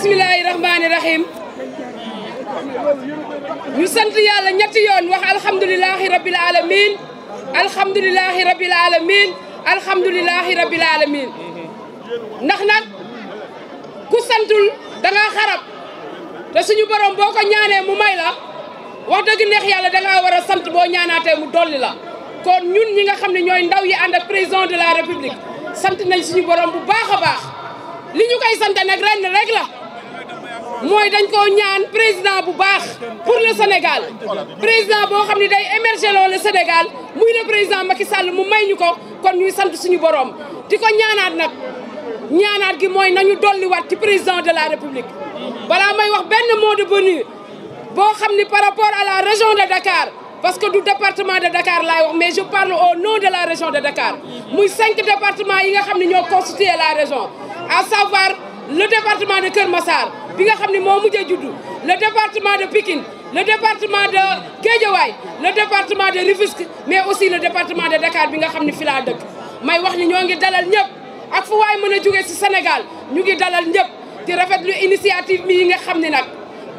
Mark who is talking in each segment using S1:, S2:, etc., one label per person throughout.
S1: bismillahi rahmaani rahim ñu sant yàlla ñetti yoon wax alhamdulilahi rabil alamin alhamdulilahi rabil alamin alhamdulilahi rabil alamin nag ku santul da xarab te suñu borom boo ko ñaanee mu may la wax dëgg neex yàlla da war a sant boo ñaanaatee mu dolli la kon ñun ñi nga xam ne ñooy ndaw yi ànd ak président de la république sant nañ suñu borom bu baax a li ñu koy sant nag ren rek la mooy dañ ko ñaan président bu baax pour le Sénégal président boo xam ne day émerger loo le Sénégal muy le président Macky Sall mu may ñu ko kon ñuy sant suñu borom di ko ñaanaat nag ñaanaat gi mooy nañu dolliwaat ci président de la République balaa may wax benn mot de bonheur boo xam ni par rapport à la région de Dakar parce que du département de Dakar laay wax mais je parle au nom de la région de Dakar muy cinq départements yi nga xam ne ñoo constitué la région à savoir le département de Kër Massar bi nga xam ne moo mujjee juddu le département de Pikine le département de Guédiawaye le département de Rufisque mais aussi le département de Dakar bi nga xam ni fi laa dëkk may wax ni ñoo ngi dalal ñëpp ak fu waay mën a jógee ci Sénégal ñu ngi dalal ñëpp di rafet rafetlu initiative mi yi nga xam ne nag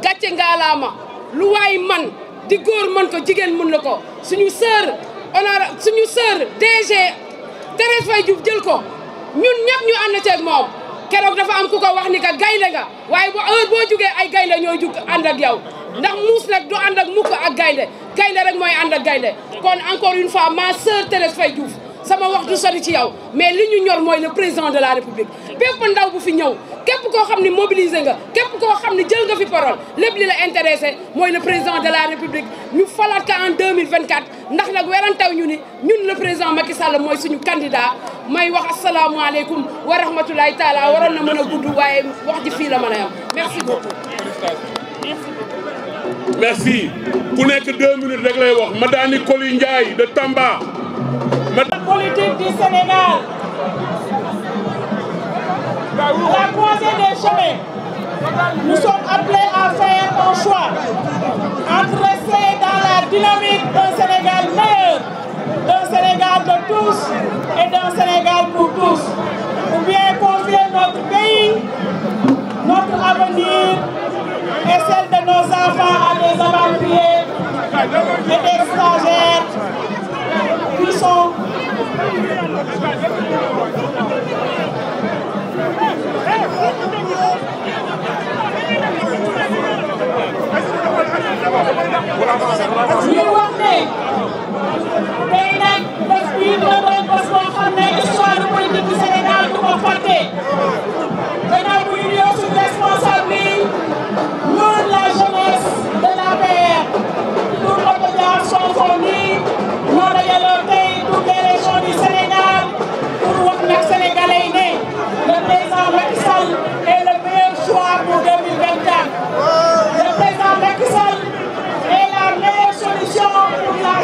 S1: gàcce ngaalaama lu waay man di góor mën ko jigéen mën na ko suñu sœur honor suñu sœur DG Thérèse Faye Diouf jël ko ñun ñëpp ñu ànd ceeg keroog dafa am ku ko wax ni ka gaynde nga waaye bu heure boo jugee ay gaynde ñooy jug ànd ak yow ndax muus nag du ànd ak mukk ak gaynde gaynde rek mooy ànd ak gaynde kon encore une fois ma sœur Thérèse Faye sama wax du ci yow mais li ñu ñor mooy le président de la république bépp ndaw bu fi ñëw képp koo xam ne mobilisé nga képp ko xam ni jël nga fi parole lépp li la intéressé mooy le président de la république ñu falaat ka en ndax nag werantaw ñu ni ñun le président ki Sall mooy suñu candidat may wax asalaamaaleykum wa rahmatulahi taala wara na mën a gudd waaye wax ji fii la mën a yam merci beaucoup
S2: merci ku nekk deux minutes rek lay wax Madani La politique du Sénégal la croisée
S3: des chemins. Nous sommes appelés à faire un choix entre rester dans la dynamique d'un Sénégal meilleur, d'un Sénégal de tous et d'un Sénégal pour tous, ou bien confier notre pays, notre avenir et celle de nos enfants à des aventuriers puissants. ñu wax ne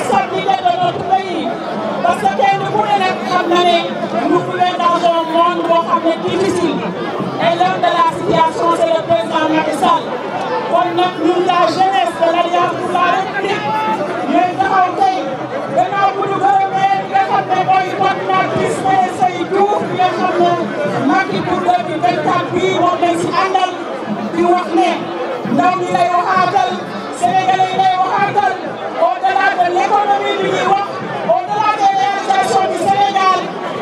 S3: responsabilité de notre pays parce que kenn ku ne nag xam na ne nous vivons dans un monde boo xam ne difficile et l'homme de la situation c'est le président Macky Sall kon nag ñun la jeunesse de l'alliance pour la république ñooy taxaw tey gannaaw bu ñu gërëmee nga xam ne mooy coordinatrice PSE Diouf bi nga xam ne Macky pour 2024 bii moom si àndal di wax ne ndaw ñi lay l'économie bi ñuy wax au delà des réalisations du Sénégal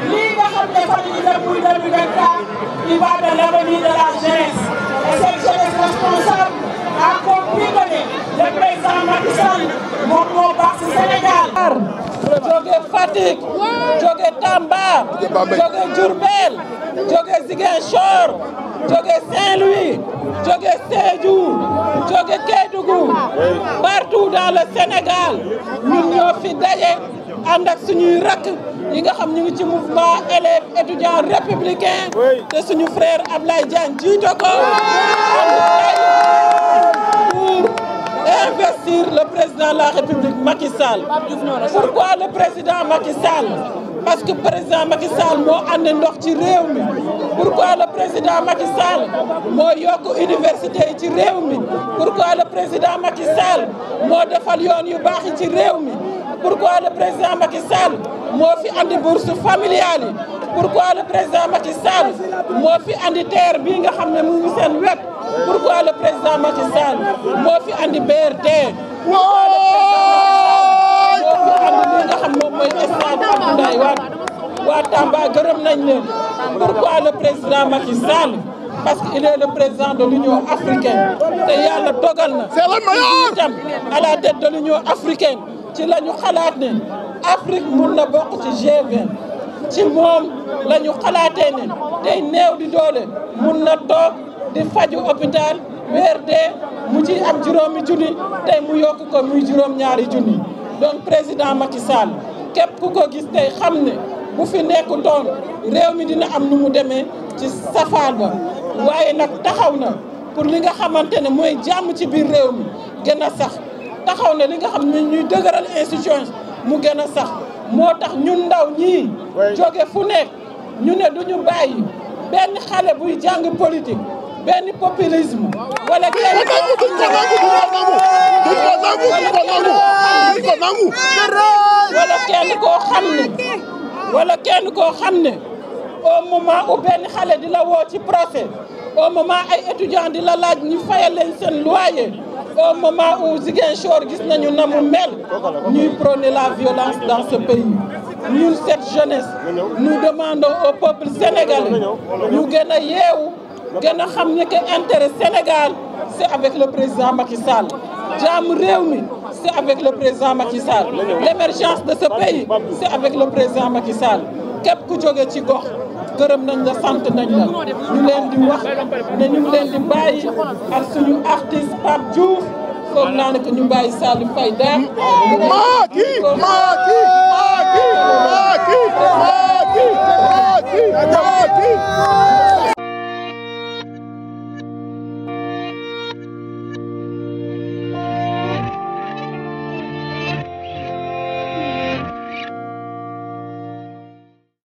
S3: lii nga xam ne fan yii dem muy 2024 il va de l'avenir de la jeunesse et cette jeunesse responsable a compris que le président
S2: Macky Sall moom moo baax ci Sénégal. jóge Fatick jóge Tamba jóge Diourbel jóge Ziguinchor. ànd ak suñuy rakk yi xam ñu ngi ci mouvement élèves étudiants républicains te suñu président la République Macky pourquoi le président Macky Sall parce que président Macky moo ànd ndox ci réew mi pourquoi le président Macky moo defal yoon yu baax ci réew mi pourquoi le président Macky Sall moo fi andi bourse familiale yi pourquoi le président Macky Sall moo fi andi terre bii nga xam ne mu ngi seen wet pourquoi le président Macky moo fi andi BRT pourquoi moo fi andi li nga xam moom mooy stade Abdoulaye Nday Wade waa Tamba gërëm nañ leen pourquoi le président Macky Sall parce qu'il est le président de l'Union africaine te yàlla dogal na c'est le meilleur à la de l'Union africaine ci la xalaat ne Afrique mun na bokk ci G20 ci moom la xalaatee ne tey néew di doole mun na toog di faju hôpital weer mu ci am juróomi junni tey mu yokk ko muy juróom ñaari junni donc président Macky Sall képp ku ko gis tey xam ne bu fi nekku doon réew mi dina am nu mu demee ci safaan ba waaye nag taxaw na pour li nga xamante ne mooy jàmm ci biir réew mi gën a sax taxaw ne li nga xam ne ñuy dëgëral institution mu gën a sax moo tax ñun ndaw ñii jóge fu nekk ñu ne duñu bàyyi benn xale buy jàng politique benn populisme wala kenn ko nangu wala kenn koo xam ne wala kenn koo xam ne au moment où benn xale di la woo ci procès au moment ay étudiants di la laaj ñu fayal leen seen loyer au moment où Ziguinchor gis nañu na mu mel ñuy prôner la violence dans ce pays ñun cette jeunesse nous demandons au peuple sénégalais ñu gën a yeewu gën a xam ne que intérêt Sénégal c'est avec le président Macky Sall jàmm réew mi c'est avec le président Macky Sall l'émergence de ce pays c'est avec le président Macky Sall képp ku jóge ci gox gërëm nañ la sant nañ la ñu leen di wax ne leen di bàyyi ak suñu artiste Pape Diouf foog naa ne que ñu bàyyi Salif Faye dem. Macky Macky
S3: Macky Macky